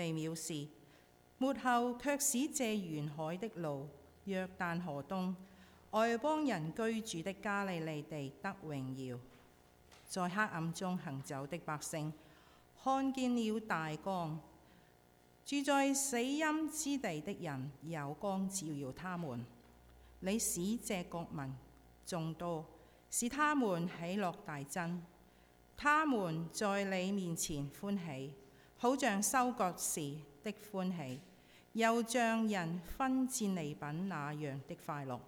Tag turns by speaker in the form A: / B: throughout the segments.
A: 被藐視，末後卻使借沿海的路，約旦河東外邦人居住的加利利地得榮耀。在黑暗中行走的百姓看見了大光，住在死蔭之地的人有光照耀他們。你使借國民眾多，使他們喜樂大增，他們在你面前歡喜。好像收割時的歡喜，又像人分戰利品那樣的快樂，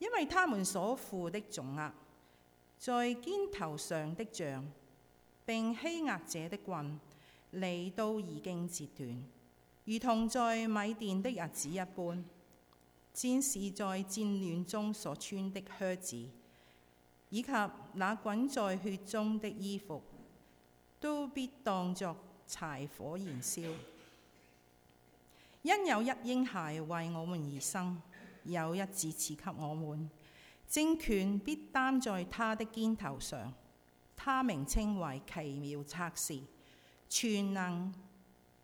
A: 因為他們所負的重軛，在肩頭上的杖，並欺壓者的棍，利都已經折斷，如同在米甸的日子一般。戰士在戰亂中所穿的靴子，以及那滾在血中的衣服，都必當作。柴火燃燒，因有一嬰孩為我們而生，有一子賜給我們，政權必擔在他的肩頭上。他名稱為奇妙策士，全能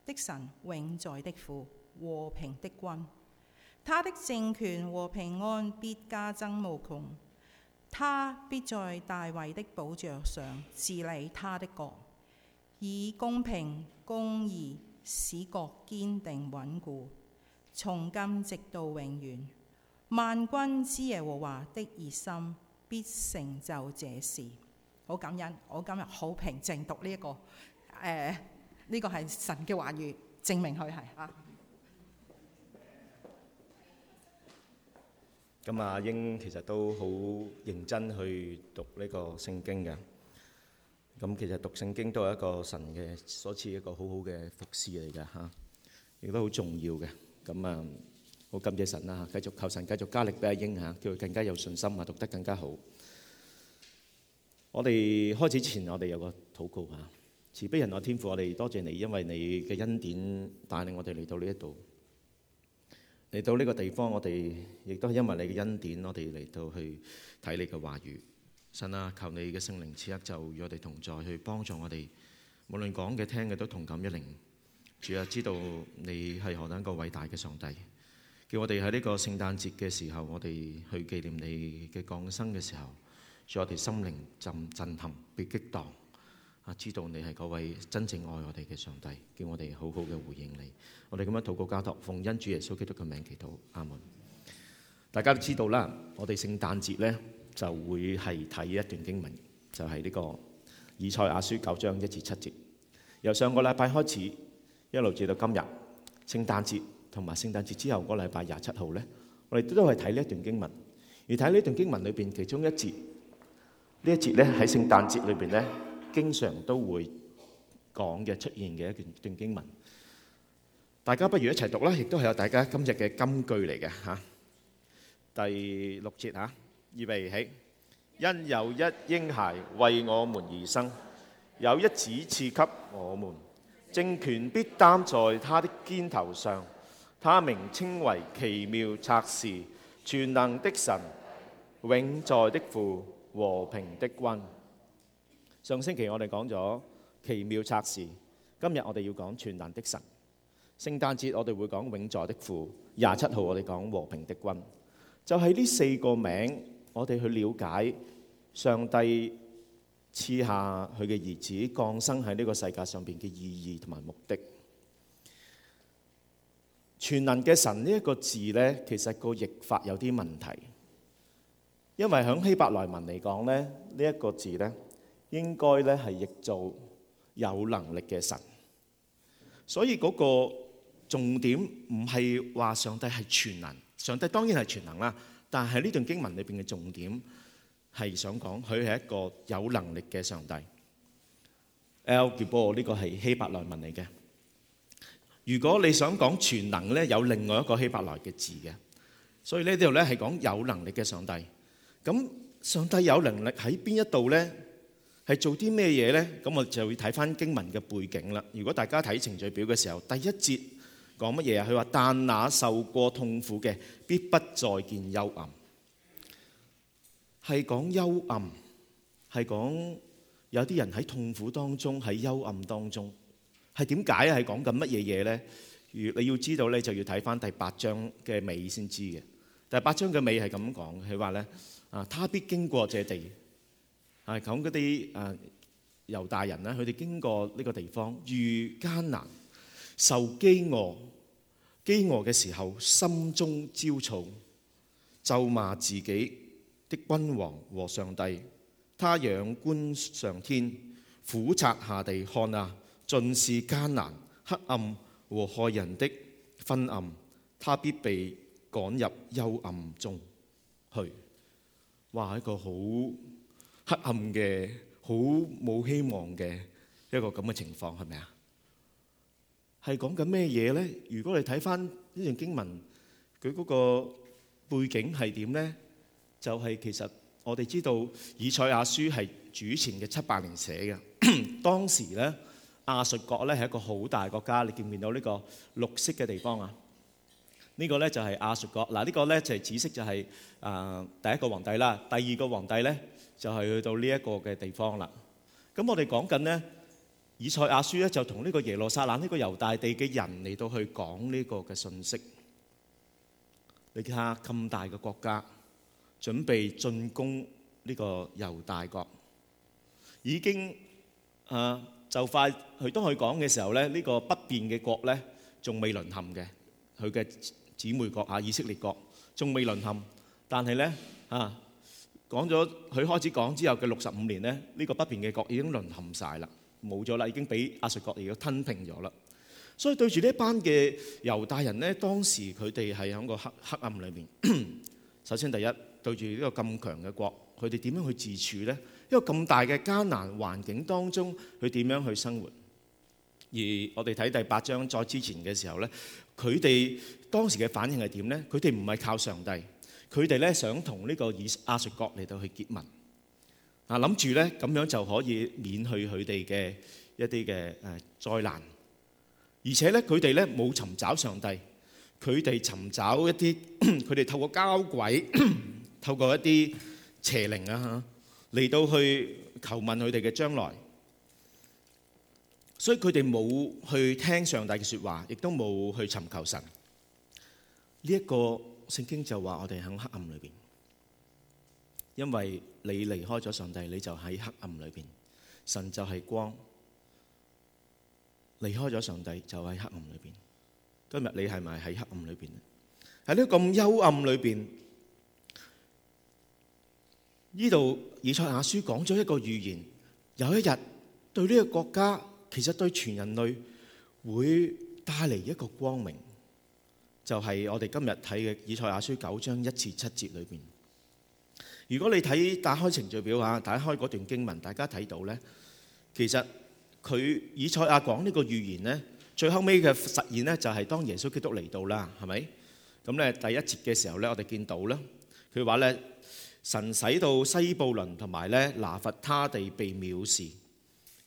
A: 的神，永在的父，和平的君。他的政權和平安必加增無窮，他必在大衛的寶座上治理他的國。以公平公義使國堅定穩固，從今直到永遠。萬軍之耶和華的熱心必成就這事。好感恩，我今日好平靜讀呢、這、一個誒，呢、呃這個係神嘅話語，證明佢係吓。
B: 咁阿英其實都好認真去讀呢個聖經嘅。咁其實讀聖經都係一個神嘅所賜一個好好嘅福祉嚟㗎嚇，亦都好重要嘅。咁啊，好感謝神啦嚇，繼續求神繼續加力俾阿英嚇，叫佢更加有信心啊，讀得更加好。我哋開始前，我哋有個禱告嚇。慈悲仁愛天父，我哋多謝你，因為你嘅恩典帶領我哋嚟到呢一度，嚟到呢個地方，我哋亦都係因為你嘅恩典，我哋嚟到去睇你嘅話語。神啊，求你嘅聖靈此刻就與我哋同在，去幫助我哋，無論講嘅聽嘅都同感一靈。主啊，知道你係何等一個偉大嘅上帝，叫我哋喺呢個聖誕節嘅時候，我哋去紀念你嘅降生嘅時候，讓我哋心靈震震撼，被激蕩。啊，知道你係嗰位真正愛我哋嘅上帝，叫我哋好好嘅回應你。我哋咁樣禱告，加托，奉恩主耶穌基督嘅名祈禱，阿門。大家都知道啦，我哋聖誕節呢。就會係睇一段經文，就係呢個以賽亞書九章一至七節。由上個禮拜開始，一路至到今日聖誕節，同埋聖誕節之後個禮拜廿七號咧，我哋都係睇呢一段經文。而睇呢段經文裏邊其中一節，呢一節咧喺聖誕節裏邊咧，經常都會講嘅出現嘅一段段經文。大家不如一齊讀啦，亦都係有大家今日嘅金句嚟嘅嚇。第六節嚇。預備起，因有一嬰孩為我們而生，有一子賜給我們，政權必擔在他的肩頭上，他名稱為奇妙策士，全能的神，永在的父，和平的君。上星期我哋講咗奇妙策士，今日我哋要講全能的神。聖誕節我哋會講永在的父，廿七號我哋講和平的君，就係、是、呢四個名。我哋去了解上帝賜下佢嘅兒子降生喺呢個世界上邊嘅意義同埋目的。全能嘅神呢一個字咧，其實個譯法有啲問題，因為響希伯來文嚟講咧，呢一個字咧應該咧係譯做有能力嘅神，所以嗰個重點唔係話上帝係全能，上帝當然係全能啦。但係呢段經文裏邊嘅重點係想講，佢係一個有能力嘅上帝。El Gibbor 呢個係希伯來文嚟嘅。如果你想講全能呢，有另外一個希伯來嘅字嘅。所以呢度呢係講有能力嘅上帝。咁上帝有能力喺邊一度呢？係做啲咩嘢呢？咁我就會睇返經文嘅背景啦。如果大家睇程序表嘅時候，第一節。講乜嘢啊？佢話，但那受過痛苦嘅必不再見幽暗，係講幽暗，係講有啲人喺痛苦當中，喺幽暗當中，係點解？係講緊乜嘢嘢咧？如你要知道咧，就要睇翻第八章嘅尾先知嘅。第八章嘅尾係咁講，佢話咧啊，他必經過這地，係講嗰啲啊猶大人咧，佢哋經過呢個地方，遇艱難，受飢餓。飢餓嘅時候，心中焦躁，咒罵自己的君王和上帝。他仰觀上天，俯察下地，看啊，盡是艱難、黑暗和害人的昏暗。他必被趕入幽暗中去。哇，一個好黑暗嘅、好冇希望嘅一個咁嘅情況，係咪啊？係講緊咩嘢咧？如果你睇翻呢段經文，佢嗰個背景係點咧？就係、是、其實我哋知道以賽亞書係主前嘅七八年寫嘅。 當時咧，亞述國咧係一個好大國家。你見唔見到呢個綠色嘅地方啊？這個、呢個咧就係、是、亞述國。嗱、這個，呢個咧就係、是、紫色、就是，就係啊第一個皇帝啦。第二個皇帝咧就係、是、去到呢一個嘅地方啦。咁我哋講緊咧。以賽亞書咧就同呢個耶路撒冷呢個猶大地嘅人嚟到去講呢個嘅信息。你睇下咁大嘅國家準備進攻呢個猶大國，已經啊就快佢當佢講嘅時候咧，呢個北邊嘅國咧仲未淪陷嘅佢嘅姊妹國啊以色列國仲未淪陷，但係咧啊講咗佢開始講之後嘅六十五年咧，呢個北邊嘅國已經淪陷曬啦。冇咗啦，已經俾亞述國嚟到吞併咗啦。所以對住呢一班嘅猶大人咧，當時佢哋係喺個黑黑暗裏面。 首先第一，對住呢個咁強嘅國，佢哋點樣去自處咧？一個咁大嘅艱難環境當中，佢點樣去生活？而我哋睇第八章再之前嘅時候咧，佢哋當時嘅反應係點咧？佢哋唔係靠上帝，佢哋咧想同呢個以亞述國嚟到去結盟。啊諗住咧，咁樣就可以免去佢哋嘅一啲嘅誒災難，而且咧佢哋咧冇尋找上帝，佢哋尋找一啲，佢哋透過交鬼，透過一啲邪靈啊吓，嚟到去求問佢哋嘅將來，所以佢哋冇去聽上帝嘅說話，亦都冇去尋求神。呢一個聖經就話我哋喺黑暗裏邊，因為。你離開咗上帝，你就喺黑暗裏邊。神就係光，離開咗上帝就喺黑暗裏邊。今日你係咪喺黑暗裏邊？喺呢個咁幽暗裏面裏邊，呢度以賽亞書講咗一個預言，有一日對呢個國家，其實對全人類會帶嚟一個光明，就係我哋今日睇嘅以賽亞書九章一至七節裏邊。如果你睇，打開程序表啊，打開嗰段經文，大家睇到咧，其實佢以賽亞講呢個預言咧，最後尾嘅實現咧，就係當耶穌基督嚟到啦，係咪？咁咧，第一節嘅時候咧，我哋見到啦，佢話咧，神使到西布倫同埋咧拿弗他地被藐視，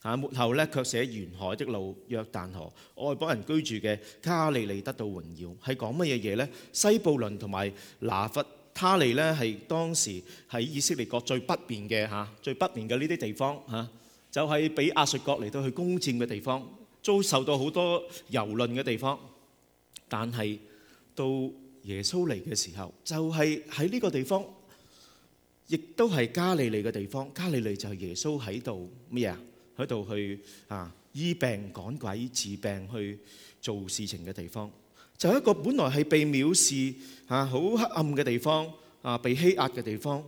B: 嚇末後咧卻寫沿海的路約但河、外邦人居住嘅加利利得到榮耀，係講乜嘢嘢咧？西布倫同埋拿弗。他利呢，係當時喺以色列國最北邊嘅吓，最北面嘅呢啲地方吓，就係俾亞述國嚟到去攻占嘅地方，遭受到好多游論嘅地方。但係到耶穌嚟嘅時候，就係喺呢個地方，亦都係加利利嘅地方。加利利就係耶穌喺度咩啊？喺度去啊醫病趕鬼治病去做事情嘅地方。就一個本來係被藐視啊、好黑暗嘅地方啊，被欺壓嘅地方，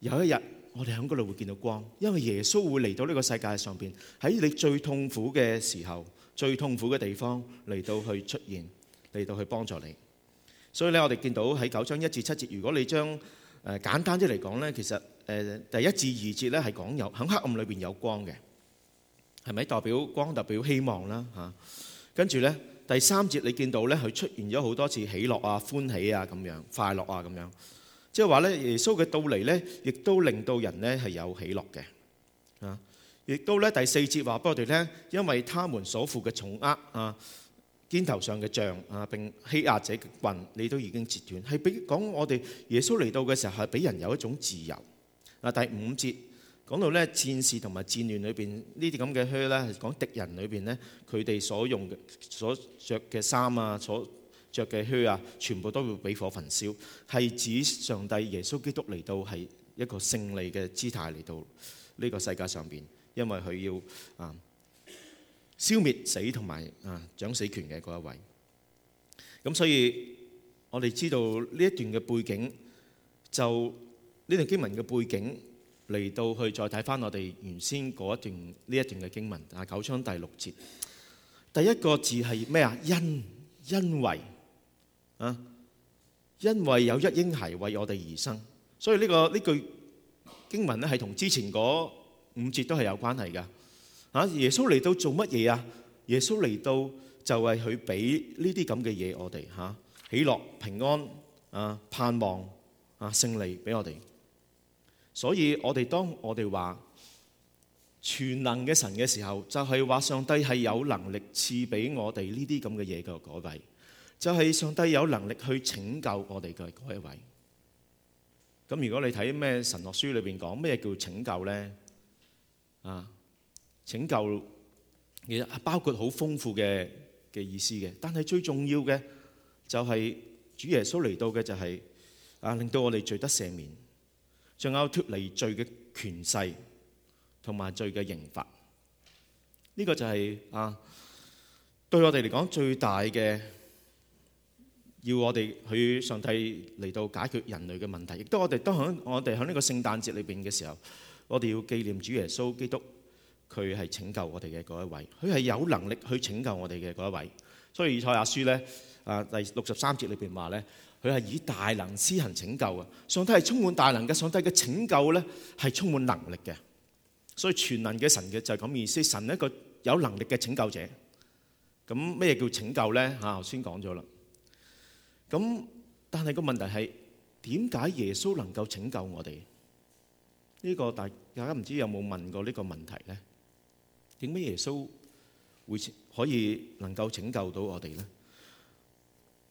B: 有一日我哋喺嗰度會見到光，因為耶穌會嚟到呢個世界上邊，喺你最痛苦嘅時候、最痛苦嘅地方嚟到去出現，嚟到去幫助你。所以咧，我哋見到喺九章一至七節，如果你將誒簡單啲嚟講咧，其實誒第一至二節咧係講有喺黑暗裏邊有光嘅，係咪代表光代表希望啦嚇？跟住咧。第三節你見到咧，佢出現咗好多次喜樂啊、歡喜啊咁樣、快樂啊咁樣，即係話咧耶穌嘅到嚟咧，亦都令到人咧係有喜樂嘅啊，亦都咧第四節話，俾我哋咧因為他們所負嘅重軛啊，肩頭上嘅杖啊，並欺壓者嘅棍，你都已經截斷係俾講我哋耶穌嚟到嘅時候係俾人有一種自由啊。第五節。講到咧戰士同埋戰亂裏邊呢啲咁嘅靴咧，係講敵人裏邊咧，佢哋所用嘅、所着嘅衫啊、所着嘅靴啊，全部都會俾火焚燒。係指上帝耶穌基督嚟到，係一個勝利嘅姿態嚟到呢個世界上邊，因為佢要啊消滅死同埋啊掌死權嘅嗰一位。咁所以我哋知道呢一段嘅背景，就呢段經文嘅背景。嚟到去再睇翻我哋原先嗰一段呢一段嘅經文啊，九章第六節，第一個字係咩啊？因因為啊，因為有一嬰孩為我哋而生，所以呢、這個呢句經文咧係同之前嗰五節都係有關係噶。啊，耶穌嚟到做乜嘢啊？耶穌嚟到就係去俾呢啲咁嘅嘢我哋嚇，喜樂、平安啊、盼望啊、勝利俾我哋。所以我哋當我哋話全能嘅神嘅時候，就係話上帝係有能力賜俾我哋呢啲咁嘅嘢嘅嗰位，就係上帝有能力去拯救我哋嘅嗰一位。咁如果你睇咩神學書裏邊講咩叫拯救咧？啊，拯救其實係包括好豐富嘅嘅意思嘅，但係最重要嘅就係主耶穌嚟到嘅就係、是、啊令到我哋罪得赦免。仲有脫離罪嘅權勢，同埋罪嘅刑罰。呢、這個就係、是、啊，對我哋嚟講最大嘅，要我哋去上帝嚟到解決人類嘅問題。亦都我哋當響我哋響呢個聖誕節裏邊嘅時候，我哋要紀念主耶穌基督，佢係拯救我哋嘅嗰一位。佢係有能力去拯救我哋嘅嗰一位。所以以賽亞書咧啊，第六十三節裏邊話咧。佢係以大能施行拯救嘅，上帝係充滿大能嘅，上帝嘅拯救咧係充滿能力嘅，所以全能嘅神嘅就係咁意思。神係一個有能力嘅拯救者，咁咩叫拯救咧？嚇、啊，頭先講咗啦。咁但係個問題係點解耶穌能夠拯救我哋？呢、這個大大家唔知有冇問過呢個問題咧？點解耶穌會可以能夠拯救到我哋咧？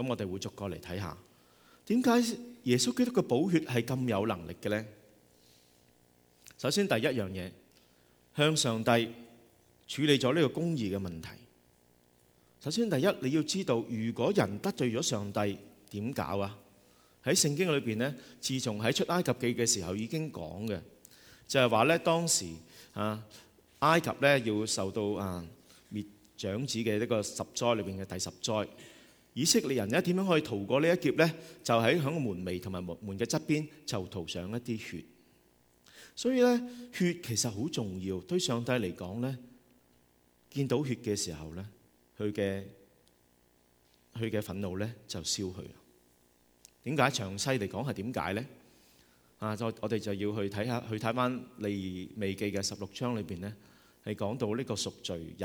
B: 咁我哋會逐個嚟睇下，點解耶穌基督嘅寶血係咁有能力嘅呢？首先第一樣嘢，向上帝處理咗呢個公義嘅問題。首先第一，你要知道，如果人得罪咗上帝，點搞啊？喺聖經裏邊呢，自從喺出埃及記嘅時候已經講嘅，就係話咧，當時啊埃及咧要受到啊滅長子嘅呢個十災裏邊嘅第十災。以色列人咧點樣可以逃過呢一劫咧？就喺、是、響門楣同埋門門嘅側邊就塗上一啲血。所以咧血其實好重要，對上帝嚟講咧，見到血嘅時候咧，佢嘅佢嘅憤怒咧就消去。點解？詳細嚟講係點解咧？啊，再我哋就要去睇下，去睇翻利未記嘅十六章裏邊咧，係講到呢個贖罪日、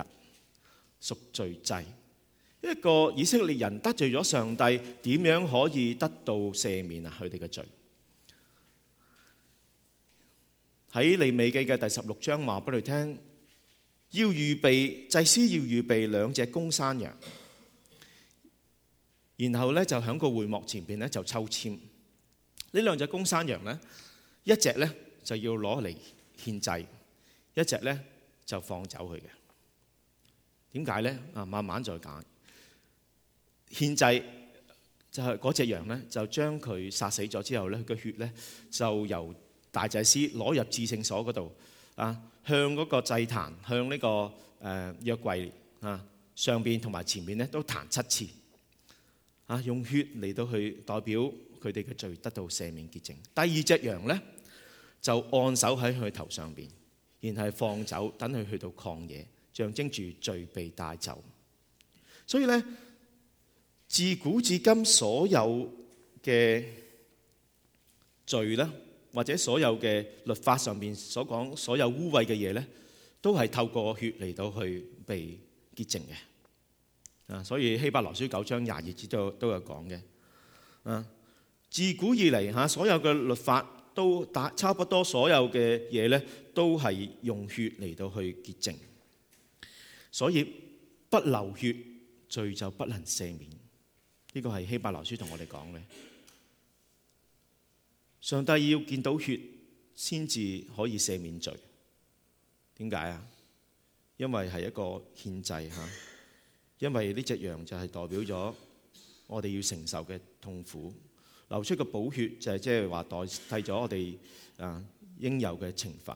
B: 贖罪祭。一個以色列人得罪咗上帝，點樣可以得到赦免啊？佢哋嘅罪喺利未記嘅第十六章話俾你聽，要預備祭司要預備兩隻公山羊，然後咧就喺個會幕前邊咧就抽簽，呢兩隻公山羊咧，一隻咧就要攞嚟獻祭，一隻咧就放走佢嘅。點解咧？啊，慢慢再揀。獻祭就係、是、嗰隻羊呢，就將佢殺死咗之後呢，佢嘅血呢，就由大祭司攞入至聖所嗰度啊，向嗰個祭壇，向呢、這個誒約、呃、櫃啊上邊同埋前面呢，都彈七次啊，用血嚟到去代表佢哋嘅罪得到赦免潔淨。第二隻羊呢，就按手喺佢頭上邊，然後放走，等佢去到曠野，象徵住罪被帶走。所以呢。自古至今，所有嘅罪咧，或者所有嘅律法上面所講所有污穢嘅嘢咧，都係透過血嚟到去被潔淨嘅啊！所以希伯來書九章廿二節度都有講嘅啊。自古以嚟嚇，所有嘅律法都打差不多，所有嘅嘢咧都係用血嚟到去潔淨，所以不流血罪就不能赦免。呢個係希伯來書同我哋講嘅，上帝要見到血先至可以赦免罪，點解啊？因為係一個獻祭。嚇，因為呢隻羊就係代表咗我哋要承受嘅痛苦，流出嘅寶血就係即係話代替咗我哋啊應有嘅懲罰。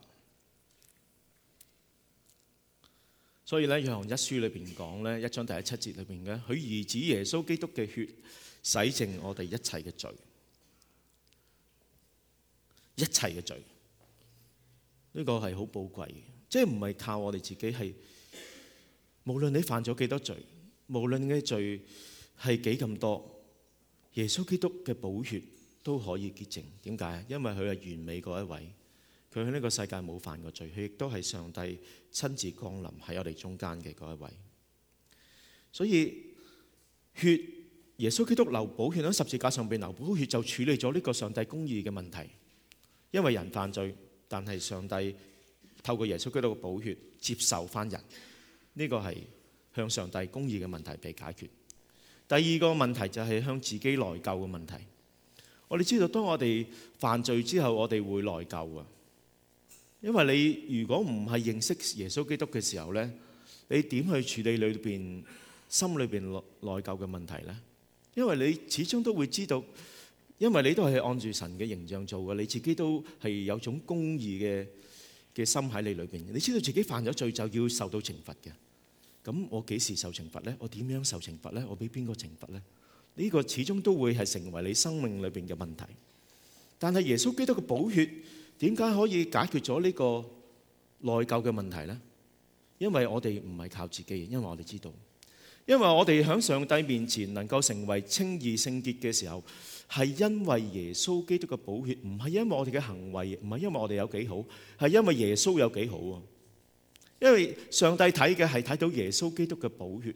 B: 所以咧，《約翰一書》裏邊講咧，一章第一七節裏邊嘅，佢兒子耶穌基督嘅血洗淨我哋一切嘅罪，一切嘅罪，呢個係好寶貴嘅，即係唔係靠我哋自己係。無論你犯咗幾多罪，無論你嘅罪係幾咁多，耶穌基督嘅寶血都可以潔淨。點解？因為佢係完美嗰一位，佢喺呢個世界冇犯過罪，佢亦都係上帝。親自降臨喺我哋中間嘅嗰一位，所以血耶穌基督流寶血喺十字架上被流寶血就處理咗呢個上帝公義嘅問題，因為人犯罪，但係上帝透過耶穌基督嘅寶血接受返人，呢、這個係向上帝公義嘅問題被解決。第二個問題就係向自己內疚嘅問題。我哋知道當我哋犯罪之後，我哋會內疚啊。因為你如果唔係認識耶穌基督嘅時候呢，你點去處理裏邊，心裏邊內內疚嘅問題呢？因為你始終都會知道，因為你都係按住神嘅形象做嘅，你自己都係有種公義嘅嘅心喺你裏邊，你知道自己犯咗罪就要受到懲罰嘅。咁我幾時受懲罰呢？我點樣受懲罰呢？我俾邊個懲罰呢？呢個始終都會係成為你生命裏邊嘅問題。但係耶穌基督嘅寶血。點解可以解決咗呢個內疚嘅問題呢？因為我哋唔係靠自己，因為我哋知道，因為我哋喺上帝面前能夠成為稱義聖潔嘅時候，係因為耶穌基督嘅寶血，唔係因為我哋嘅行為，唔係因為我哋有幾好，係因為耶穌有幾好啊。因為上帝睇嘅係睇到耶穌基督嘅寶血，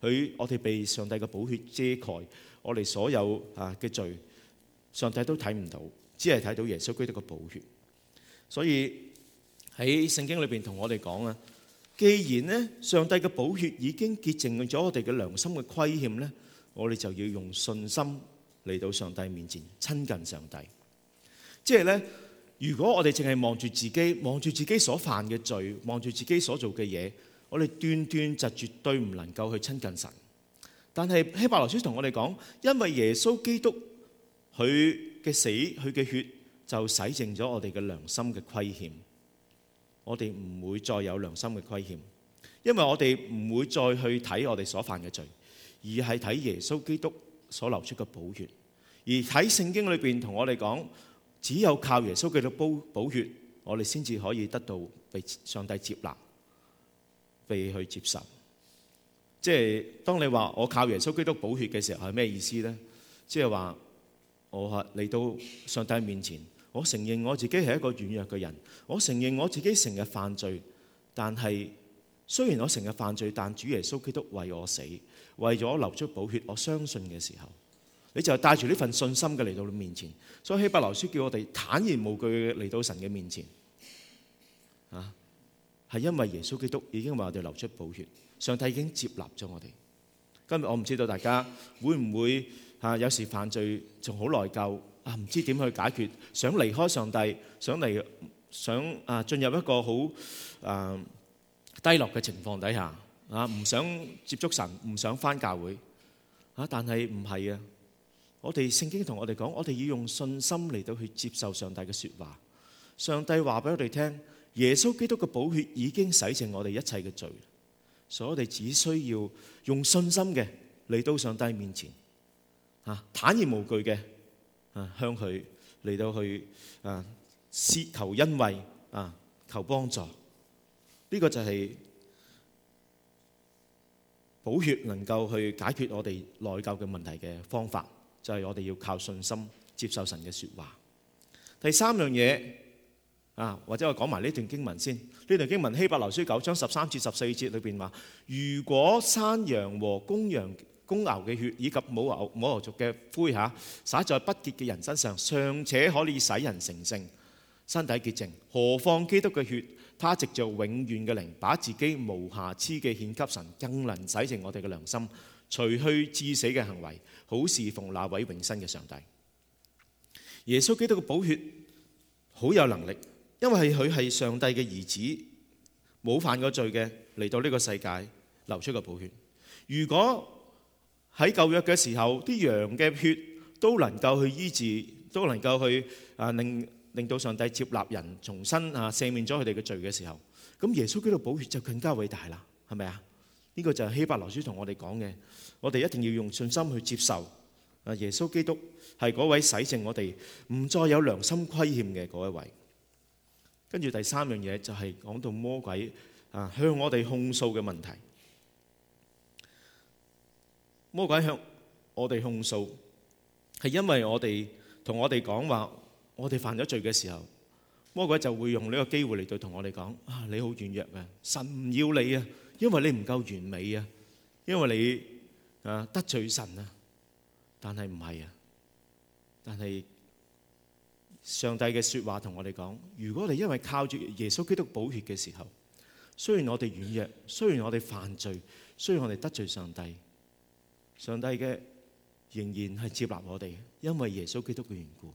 B: 佢我哋被上帝嘅寶血遮蓋，我哋所有啊嘅罪，上帝都睇唔到，只係睇到耶穌基督嘅寶血。所以喺聖經裏邊同我哋講啊，既然咧上帝嘅寶血已經潔淨咗我哋嘅良心嘅虧欠咧，我哋就要用信心嚟到上帝面前親近上帝。即係咧，如果我哋淨係望住自己，望住自己所犯嘅罪，望住自己所做嘅嘢，我哋斷斷就絕對唔能夠去親近神。但係希伯來書同我哋講，因為耶穌基督佢嘅死，佢嘅血。就洗淨咗我哋嘅良心嘅虧欠，我哋唔會再有良心嘅虧欠，因為我哋唔會再去睇我哋所犯嘅罪，而係睇耶穌基督所流出嘅寶血。而喺聖經裏邊同我哋講，只有靠耶穌基督寶血，我哋先至可以得到被上帝接納，被佢接受。即係當你話我靠耶穌基督補血嘅時候係咩意思呢？即係話我係嚟到上帝面前。我承認我自己係一個軟弱嘅人，我承認我自己成日犯罪，但係雖然我成日犯罪，但主耶穌基督為我死，為咗我流出寶血，我相信嘅時候，你就帶住呢份信心嘅嚟到面前，所以希伯來書叫我哋坦然無懼嚟到神嘅面前，啊，係因為耶穌基督已經為我哋流出寶血，上帝已經接納咗我哋。今日我唔知道大家會唔會啊，有時犯罪仲好內疚。啊！唔知點去解決，想離開上帝，想嚟想啊，進入一個好啊低落嘅情況底下啊，唔想接觸神，唔想返教會啊。但係唔係啊？我哋聖經同我哋講，我哋要用信心嚟到去接受上帝嘅説話。上帝話俾我哋聽，耶穌基督嘅寶血已經洗淨我哋一切嘅罪，所以我哋只需要用信心嘅嚟到上帝面前啊，坦然無懼嘅。啊，向佢嚟到去啊，求恩惠啊，求幫助。呢、這個就係寶血能夠去解決我哋內疚嘅問題嘅方法，就係、是、我哋要靠信心接受神嘅説話。第三樣嘢啊，或者我講埋呢段經文先。呢段經文希伯來書九章十三至十四節裏邊話：如果山羊和公羊公牛嘅血以及母牛，母牛族嘅灰嚇，撒在不潔嘅人身上，尚且可以使人成聖，身體潔淨。何況基督嘅血，它藉著永遠嘅靈，把自己無瑕疵嘅獻給神，更能洗淨我哋嘅良心，除去致死嘅行為，好侍奉那位永生嘅上帝。耶穌基督嘅寶血好有能力，因為佢係上帝嘅兒子，冇犯過罪嘅嚟到呢個世界流出嘅寶血。如果喺舊約嘅時候，啲羊嘅血都能夠去醫治，都能夠去啊令令到上帝接納人，重新啊赦免咗佢哋嘅罪嘅時候，咁耶穌基督嘅寶血就更加偉大啦，係咪啊？呢個就係希伯來書同我哋講嘅，我哋一定要用信心去接受啊！耶穌基督係嗰位洗淨我哋唔再有良心虧欠嘅嗰一位。跟住第三樣嘢就係講到魔鬼啊向我哋控訴嘅問題。魔鬼向我哋控訴，係因為我哋同我哋講話，我哋犯咗罪嘅時候，魔鬼就會用呢個機會嚟，對同我哋講啊，你好軟弱啊，神唔要你啊，因為你唔夠完美啊，因為你啊得罪神啊，但係唔係啊，但係上帝嘅說話同我哋講，如果我哋因為靠住耶穌基督寶血嘅時候，雖然我哋軟弱，雖然我哋犯罪，雖然我哋得罪上帝。上帝嘅仍然係接納我哋，因為耶穌基督嘅緣故，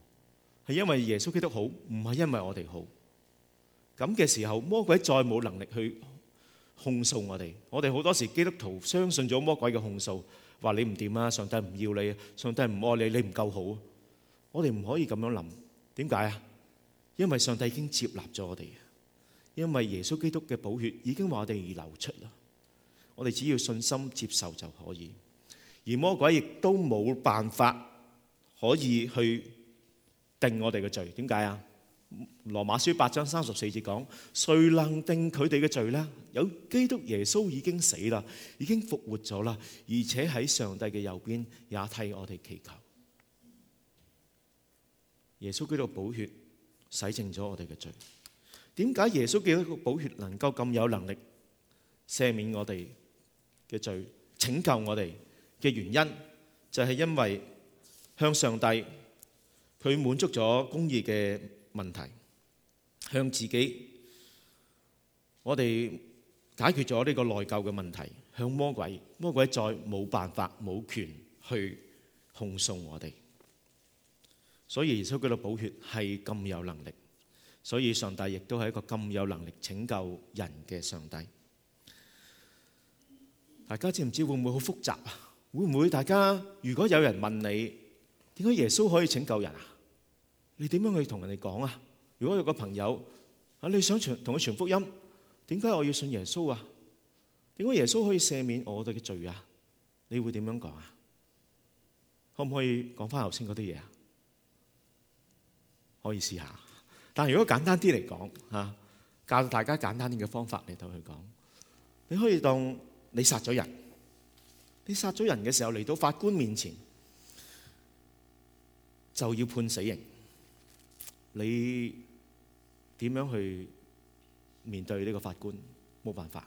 B: 係因為耶穌基督好，唔係因為我哋好。咁嘅時候，魔鬼再冇能力去控訴我哋。我哋好多時基督徒相信咗魔鬼嘅控訴，話你唔掂啊，上帝唔要你啊，上帝唔愛你，你唔夠好啊。我哋唔可以咁樣諗，點解啊？因為上帝已經接納咗我哋，因為耶穌基督嘅寶血已經為我哋而流出啦。我哋只要信心接受就可以。而魔鬼亦都冇辦法可以去定我哋嘅罪，點解啊？羅馬書八章三十四節講：誰能定佢哋嘅罪呢？有基督耶穌已經死啦，已經復活咗啦，而且喺上帝嘅右邊，也替我哋祈求。耶穌基督寶血，洗淨咗我哋嘅罪。點解耶穌基督嘅寶血能夠咁有能力赦免我哋嘅罪，拯救我哋？嘅原因就係因為向上帝，佢滿足咗公義嘅問題；向自己，我哋解決咗呢個內疚嘅問題；向魔鬼，魔鬼再冇辦法冇權去控訴我哋。所以耶穌佢嘅寶血係咁有能力，所以上帝亦都係一個咁有能力拯救人嘅上帝。大家知唔知會唔會好複雜啊？會唔會大家？如果有人問你，點解耶穌可以拯救人啊？你點樣去同人哋講啊？如果有個朋友啊，你想傳同佢傳福音，點解我要信耶穌啊？點解耶穌可以赦免我哋嘅罪啊？你會點樣講啊？可唔可以講翻頭先嗰啲嘢啊？可以試下。但如果簡單啲嚟講啊，教大家簡單啲嘅方法嚟到去講。你可以當你殺咗人。你殺咗人嘅時候嚟到法官面前，就要判死刑。你點樣去面對呢個法官？冇辦法。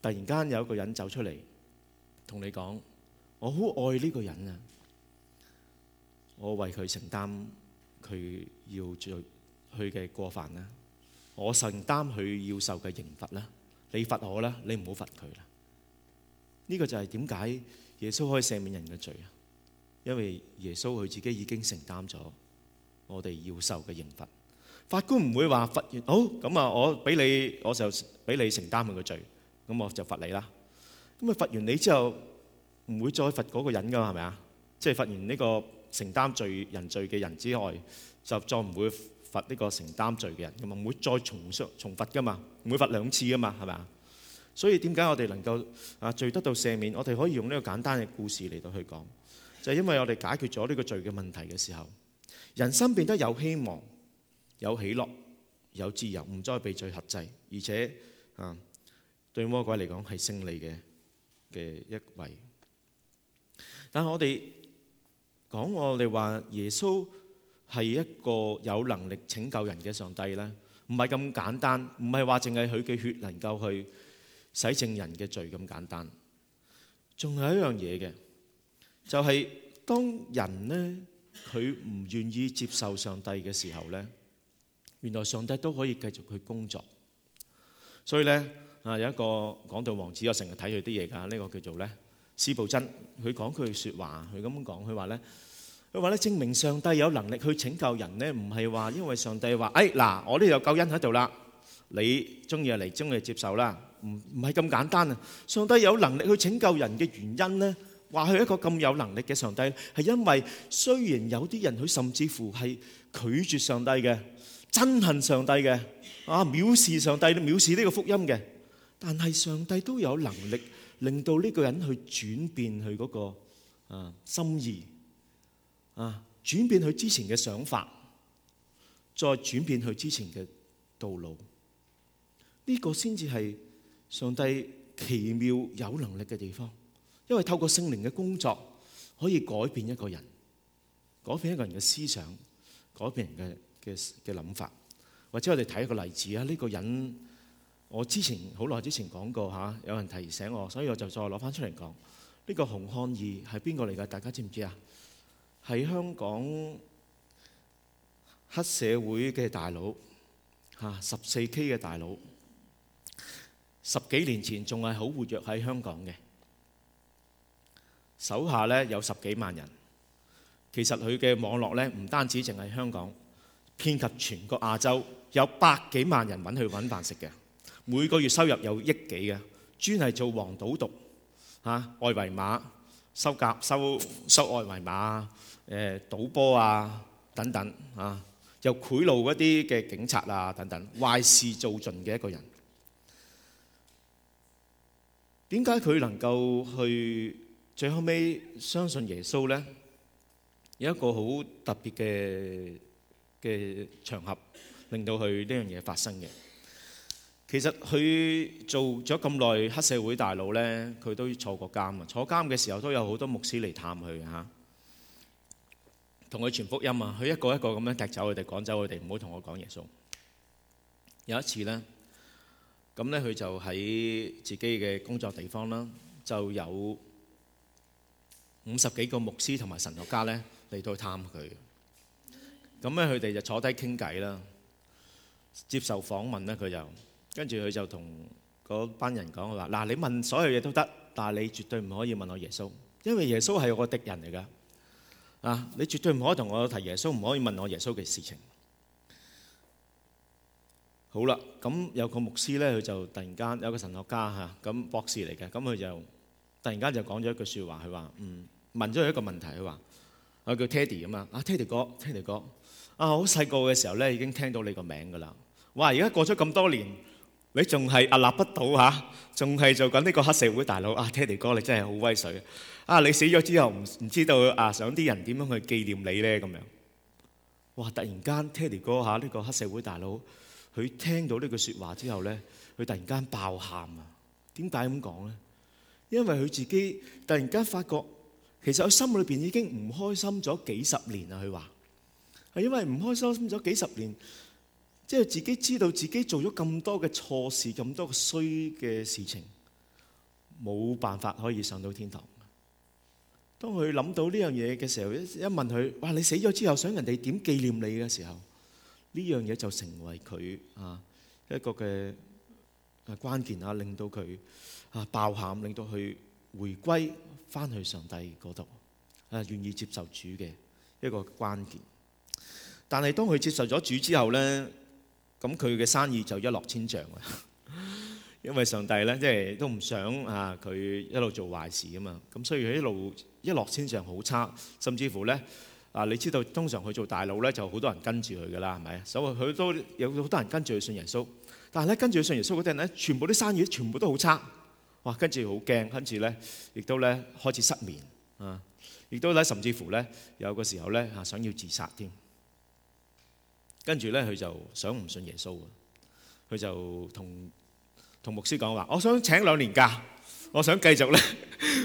B: 突然間有一個人走出嚟，同你講：我好愛呢個人啊！我為佢承擔佢要罪佢嘅過犯啦，我承擔佢要受嘅刑罰啦。你罰我啦，你唔好罰佢啦。呢個就係點解耶穌可以赦免人嘅罪啊？因為耶穌佢自己已經承擔咗我哋要受嘅刑罰。法官唔會話，罰完好咁啊，我俾你，我就俾你承擔佢嘅罪，咁我就罰你啦。咁啊罰完你之後，唔會再罰嗰個人噶，係咪啊？即係罰完呢個承擔罪人罪嘅人之外，就再唔會。罰呢個承擔罪嘅人，咁啊唔會再重贖重罰噶嘛，唔會罰兩次噶嘛，係咪啊？所以點解我哋能夠啊罪得到赦免？我哋可以用呢個簡單嘅故事嚟到去講，就係因為我哋解決咗呢個罪嘅問題嘅時候，人生變得有希望、有喜樂、有自由，唔再被罪轄制，而且啊對魔鬼嚟講係勝利嘅嘅一位。但係我哋講我哋話耶穌。係一個有能力拯救人嘅上帝咧，唔係咁簡單，唔係話淨係佢嘅血能夠去洗淨人嘅罪咁簡單。仲有一樣嘢嘅，就係當人呢，佢唔願意接受上帝嘅時候呢，原來上帝都可以繼續去工作。所以呢，啊，有一個講道王子，我成日睇佢啲嘢噶，呢個叫做呢，司布真，佢講佢說話，佢咁講，佢話呢。佢話咧，證明上帝有能力去拯救人咧，唔係話因為上帝話：哎嗱，我都有救恩喺度啦，你中意就嚟，中意就接受啦。唔唔係咁簡單啊！上帝有能力去拯救人嘅原因咧，話佢一個咁有能力嘅上帝，係因為雖然有啲人佢甚至乎係拒絕上帝嘅，憎恨上帝嘅，啊藐視上帝，藐視呢個福音嘅，但係上帝都有能力令到呢個人去轉變佢嗰個啊心意。啊！轉變佢之前嘅想法，再轉變佢之前嘅道路，呢、這個先至係上帝奇妙有能力嘅地方。因為透過聖靈嘅工作，可以改變一個人，改變一個人嘅思想，改變人嘅嘅嘅諗法。或者我哋睇一個例子啊，呢、這個人我之前好耐之前講過嚇、啊，有人提醒我，所以我就再攞翻出嚟講。呢、這個洪漢義係邊個嚟嘅，大家知唔知啊？喺香港黑社會嘅大佬嚇、啊，十四 K 嘅大佬，十幾年前仲係好活躍喺香港嘅，手下呢，有十幾萬人。其實佢嘅網絡呢，唔單止淨係香港，遍及全國亞洲，有百幾萬人揾佢揾飯食嘅，每個月收入有億幾嘅，專係做黃賭毒嚇、啊，外圍碼收夾收收外圍碼。誒賭波啊，等等啊，又賄賂一啲嘅警察啊，等等，壞事做盡嘅一個人。點解佢能夠去最後尾相信耶穌呢？有一個好特別嘅嘅場合令到佢呢樣嘢發生嘅。其實佢做咗咁耐黑社會大佬呢，佢都坐過監啊。坐監嘅時候都有好多牧師嚟探佢嚇。同佢傳福音啊！佢一個一個咁樣踢走佢哋，趕走佢哋，唔好同我講耶穌。有一次呢，咁呢佢就喺自己嘅工作地方啦，就有五十幾個牧師同埋神學家呢嚟到探佢。咁咧佢哋就坐低傾偈啦，接受訪問呢，佢就跟住佢就同嗰班人講話：嗱，你問所有嘢都得，但係你絕對唔可以問我耶穌，因為耶穌係我敵人嚟㗎。啊！你絕對唔可以同我提耶穌，唔可以問我耶穌嘅事情。好啦，咁有個牧師咧，佢就突然間有個神學家嚇，咁、啊、博士嚟嘅，咁佢就突然間就講咗一句説話，佢話：嗯，問咗佢一個問題，佢話：我叫 Teddy 咁啊 Teddy 哥 Teddy 哥，啊好細個嘅時候咧已經聽到你個名噶啦，哇！而家過咗咁多年。你仲係屹立不倒吓，仲係做緊呢個黑社會大佬啊！Teddy 哥你真係好威水啊！你死咗之後唔唔知道啊，想啲人點樣去紀念你咧咁樣？哇！突然間 Teddy 哥嚇呢個黑社會大佬，佢聽到呢句説話之後咧，佢突然間爆喊啊！點解咁講咧？因為佢自己突然間發覺，其實我心裏邊已經唔開心咗幾十年啦。佢話係因為唔開心咗幾十年。即係自己知道自己做咗咁多嘅錯事，咁多嘅衰嘅事情，冇辦法可以上到天堂。當佢諗到呢樣嘢嘅時候，一一問佢，哇！你死咗之後，想人哋點紀念你嘅時候，呢樣嘢就成為佢啊一個嘅關鍵啊，令到佢啊爆喊，令到佢回歸翻去上帝嗰度啊，願意接受主嘅一個關鍵。但係當佢接受咗主之後呢。咁佢嘅生意就一落千丈啊！ 因為上帝咧，即係都唔想啊，佢一路做壞事啊嘛。咁所以佢一路一落千丈，好差。甚至乎咧啊，你知道通常佢做大佬咧，就好多人跟住佢噶啦，係咪？所以佢都有好多人跟住佢信耶穌。但係咧，跟住佢信耶穌嗰啲人咧，全部啲生意全部都好差。哇！跟住好驚，跟住咧亦都咧開始失眠啊，亦都咧甚至乎咧有個時候咧啊，想要自殺添。跟住咧，佢就想唔信耶穌啊！佢就同同牧師講話，我想請兩年假，我想繼續咧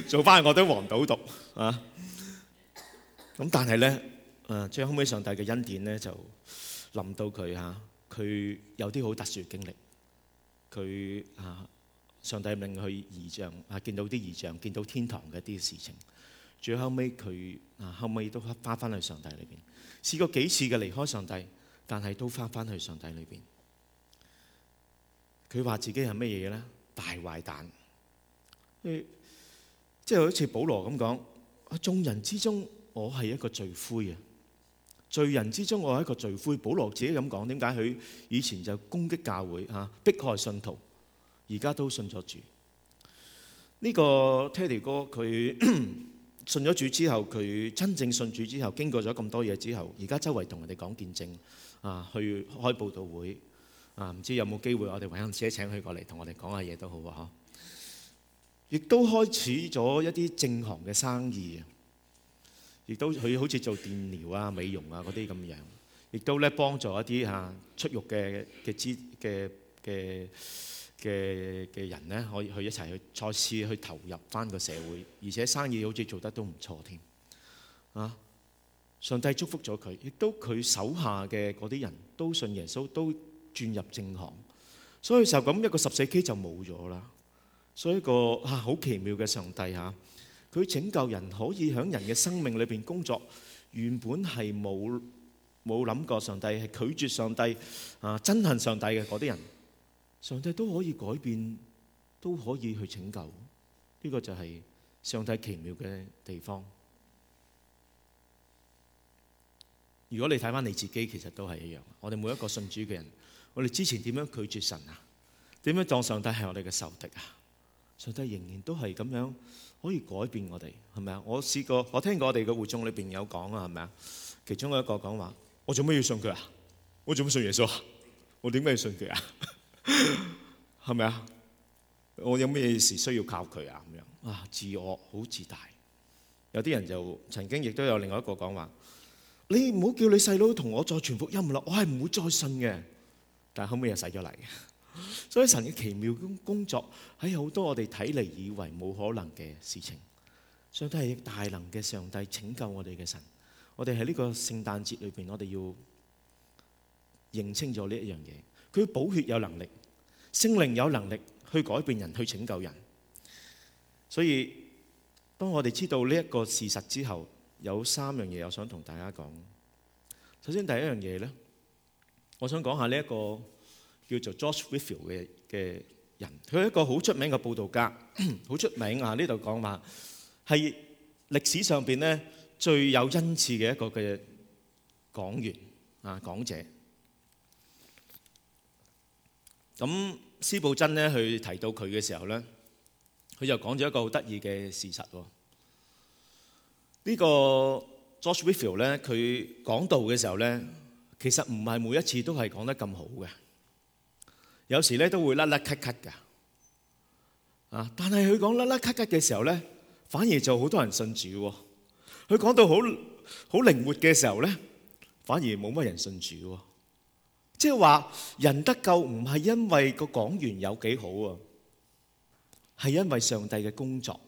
B: 做翻我啲黃賭毒啊！咁但係咧，誒、啊、最後尾上帝嘅恩典咧就臨到佢嚇，佢、啊、有啲好特殊嘅經歷，佢啊上帝令佢異象，啊，見到啲異象，見到天堂嘅啲事情。最後尾佢啊後尾都返翻去上帝裏邊，試過幾次嘅離開上帝。但係都翻翻去上帝裏邊，佢話自己係乜嘢咧？大壞蛋，即係好似保羅咁講：眾人之中，我係一個罪魁啊！罪人之中，我係一個罪魁。保羅自己咁講，點解佢以前就攻擊教會啊，迫害信徒，而家都信咗主？呢、這個 Teddy 哥佢 信咗主之後，佢真正信主之後，經過咗咁多嘢之後，而家周圍同人哋講見證。啊，去開佈道會啊，唔知有冇機會我哋揾人哋請佢過嚟同我哋講下嘢都好啊。亦都開始咗一啲正行嘅生意，亦都佢好似做電療啊、美容啊嗰啲咁樣，亦都咧幫助一啲嚇、啊、出獄嘅嘅之嘅嘅嘅嘅人咧，可以一去一齊去再次去投入翻個社會，而且生意好似做得都唔錯添啊！上帝祝福咗佢，亦都佢手下嘅嗰啲人都信耶穌都轉入正行，所以就咁一個十四 K 就冇咗啦。所以個嚇好、啊、奇妙嘅上帝吓，佢、啊、拯救人可以響人嘅生命裏邊工作，原本係冇冇諗過上帝係拒絕上帝啊憎恨上帝嘅嗰啲人，上帝都可以改變都可以去拯救，呢個就係上帝奇妙嘅地方。如果你睇翻你自己，其實都係一樣。我哋每一個信主嘅人，我哋之前點樣拒絕神啊？點樣當上帝係我哋嘅仇敵啊？上帝仍然都係咁樣可以改變我哋，係咪啊？我試過，我聽過我哋嘅會眾裏邊有講啊，係咪啊？其中有一個講話：我做咩要信佢啊？我做咩信耶穌啊？我點解要信佢啊？係咪啊？我有咩事需要靠佢啊？咁樣啊，自我好自大。有啲人就曾經亦都有另外一個講話。你唔好叫你細佬同我再傳福音啦，我係唔會再信嘅。但係後尾又使咗嚟，所以神嘅奇妙工工作，喺好多我哋睇嚟以為冇可能嘅事情，上帝係大能嘅上帝拯救我哋嘅神。我哋喺呢個聖誕節裏邊，我哋要認清咗呢一樣嘢，佢要寶血有能力，聖靈有能力去改變人，去拯救人。所以當我哋知道呢一個事實之後，有三樣嘢，我想同大家講。首先第一樣嘢咧，我想講下呢、這個、一個叫做 George Whitefield 嘅嘅人，佢係一個好出名嘅佈道家，好出 名啊！呢度講話係歷史上邊咧最有恩賜嘅一個嘅講員啊講者。咁司布真咧佢提到佢嘅時候咧，佢就講咗一個好得意嘅事實喎。呢個 Joshua 咧，佢講道嘅時候咧，其實唔係每一次都係講得咁好嘅，有時咧都會甩甩咳咳㗎。啊！但係佢講甩甩咳咳嘅時候咧，反而就好多人信主；佢講到好好靈活嘅時候咧，反而冇乜人信主。即係話人得救唔係因為個講員有幾好啊，係因為上帝嘅工作、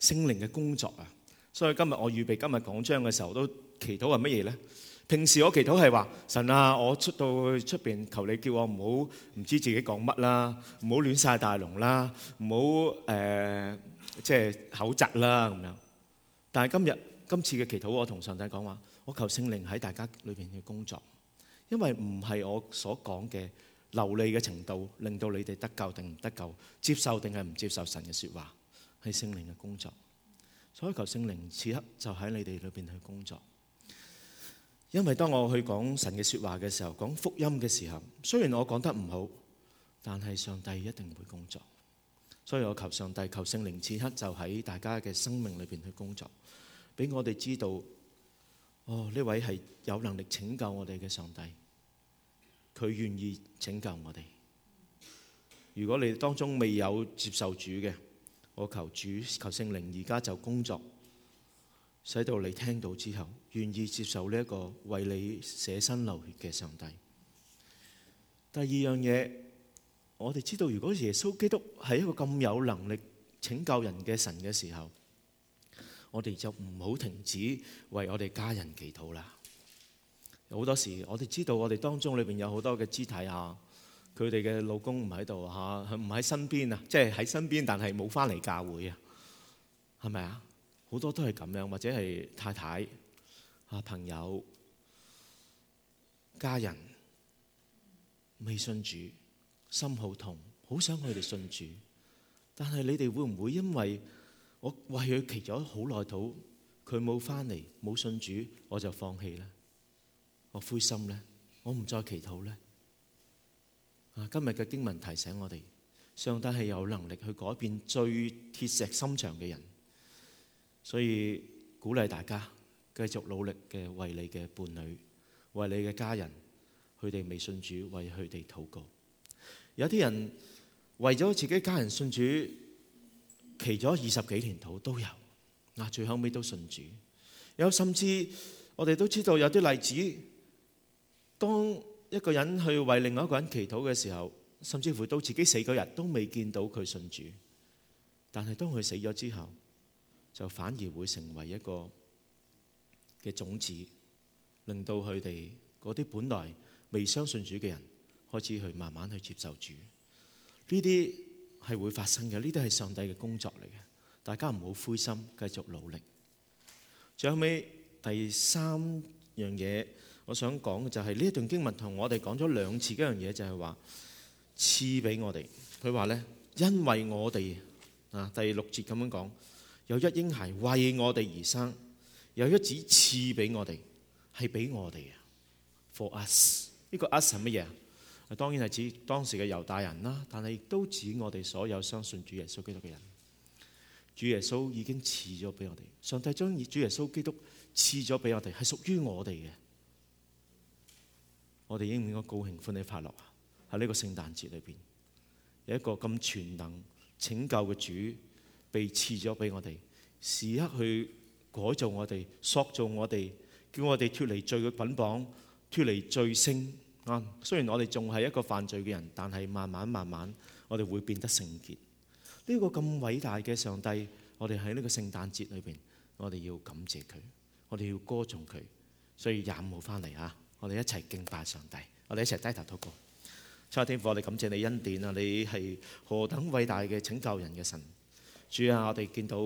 B: 聖靈嘅工作啊。所以今日我預備今日講章嘅時候，都祈禱係乜嘢呢？平時我祈禱係話：神啊，我出到出面，求你叫我唔好唔知自己講乜啦，唔好亂晒大龍啦，唔好誒即係口窒啦咁樣。但係今日今次嘅祈禱，我同上帝講話：我求聖靈喺大家裏面嘅工作，因為唔係我所講嘅流利嘅程度，令到你哋得救定唔得救，接受定係唔接受神嘅説話，係聖靈嘅工作。所以求聖靈此刻就喺你哋裏邊去工作，因為當我去講神嘅說話嘅時候，講福音嘅時候，雖然我講得唔好，但係上帝一定會工作。所以我求上帝，求聖靈此刻就喺大家嘅生命裏邊去工作，俾我哋知道，哦，呢位係有能力拯救我哋嘅上帝，佢願意拯救我哋。如果你當中未有接受主嘅，我求主求聖靈，而家就工作，使到你聽到之後願意接受呢一個為你捨身流血嘅上帝。第二樣嘢，我哋知道，如果耶穌基督係一個咁有能力拯救人嘅神嘅時候，我哋就唔好停止為我哋家人祈禱啦。好多時，我哋知道我哋當中裏邊有好多嘅肢體啊。佢哋嘅老公唔喺度吓，唔喺身邊啊！即係喺身邊，但係冇翻嚟教會啊，係咪啊？好多都係咁樣，或者係太太啊、朋友、家人未信主，心好痛，好想佢哋信主。但係你哋會唔會因為我為佢祈咗好耐禱，佢冇翻嚟冇信主，我就放棄咧？我灰心咧？我唔再祈禱咧？啊！今日嘅經文提醒我哋，上帝係有能力去改變最鐵石心腸嘅人，所以鼓勵大家繼續努力嘅為你嘅伴侶、為你嘅家人，佢哋未信主，為佢哋禱告。有啲人為咗自己家人信主，祈咗二十幾年禱都有，嗱最後尾都信主。有甚至我哋都知道有啲例子，當……一個人去為另外一個人祈禱嘅時候，甚至乎到自己死嗰日都未見到佢信主，但係當佢死咗之後，就反而會成為一個嘅種子，令到佢哋嗰啲本來未相信主嘅人，開始去慢慢去接受主。呢啲係會發生嘅，呢啲係上帝嘅工作嚟嘅。大家唔好灰心，繼續努力。最後尾第三樣嘢。我想講嘅就係呢一段經文，同我哋講咗兩次一樣嘢，就係話賜俾我哋。佢話咧，因為我哋啊，第六節咁樣講，有一嬰孩為我哋而生，有一子賜俾我哋，係俾我哋嘅。for us 呢、呢個 us 係乜嘢啊？當然係指當時嘅猶大人啦，但係亦都指我哋所有相信主耶穌基督嘅人。主耶穌已經賜咗俾我哋，上帝將主耶穌基督賜咗俾我哋，係屬於我哋嘅。我哋應唔應該高興、歡喜、快樂啊？喺呢個聖誕節裏邊，有一個咁全能、拯救嘅主被賜咗俾我哋，時刻去改造我哋、塑造我哋，叫我哋脫離罪嘅捆綁、脫離罪性。啊、嗯！雖然我哋仲係一個犯罪嘅人，但係慢慢慢慢，我哋會變得聖潔。呢、這個咁偉大嘅上帝，我哋喺呢個聖誕節裏邊，我哋要感謝佢，我哋要歌頌佢。所以廿五號翻嚟啊！我哋一齊敬拜上帝，我哋一齊低頭禱告。親愛嘅天父，我哋感謝你恩典啊！你係何等偉大嘅拯救人嘅神。主啊！我哋見到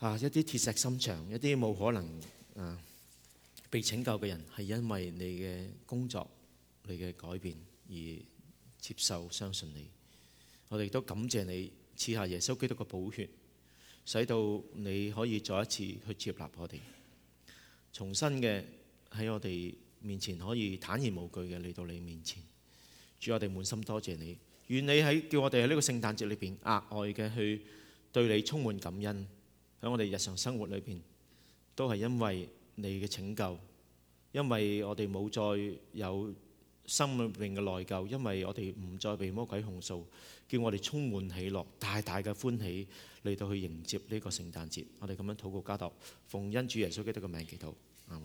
B: 啊一啲鐵石心腸、一啲冇可能、啊、被拯救嘅人，係因為你嘅工作、你嘅改變而接受、相信你。我哋都感謝你賜下耶穌基督嘅寶血，使到你可以再一次去接納我哋，重新嘅。喺我哋面前可以坦然無懼嘅嚟到你面前，主，我哋滿心多謝你。願你喺叫我哋喺呢個聖誕節裏邊額外嘅去對你充滿感恩。喺我哋日常生活裏邊都係因為你嘅拯救，因為我哋冇再有心裏邊嘅內疚，因為我哋唔再被魔鬼控訴，叫我哋充滿喜樂、大大嘅歡喜嚟到去迎接呢個聖誕節。我哋咁樣禱告加，加禱，奉恩主耶穌基督嘅名祈禱，嗯。